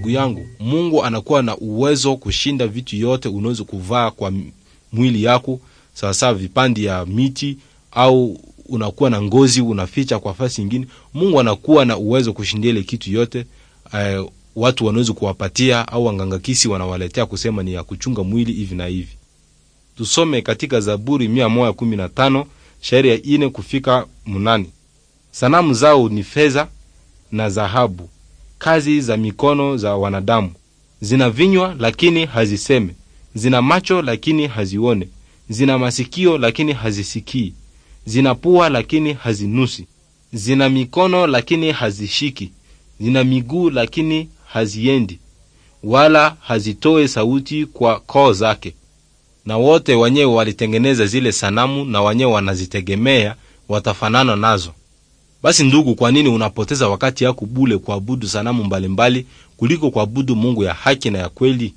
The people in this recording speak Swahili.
ndugu yangu, Mungu anakuwa na uwezo kushinda vitu yote unaweza kuvaa kwa mwili yako, sawasawa vipande ya miti au unakuwa na ngozi unaficha kwa fasi ingine. Mungu anakuwa na uwezo kushindia ile kitu yote. Eh, watu wanaweza kuwapatia au wangangakisi wanawaletea kusema ni ya kuchunga mwili hivi na hivi. Tusome katika Zaburi 115 shairi ya ine kufika mnani Sanamu zao ni fedha na dhahabu, kazi za mikono za wanadamu. Zina vinywa lakini haziseme, zina macho lakini hazione, zina masikio lakini hazisikii, zina pua lakini hazinusi, zina mikono lakini hazishiki, zina miguu lakini haziendi, wala hazitoe sauti kwa koo zake. Na wote wenyewe walitengeneza zile sanamu na wenyewe wanazitegemea, watafanana nazo. Basi ndugu, kwa nini unapoteza wakati yako bule kuabudu sanamu mbalimbali kuliko kuabudu Mungu ya haki na ya kweli?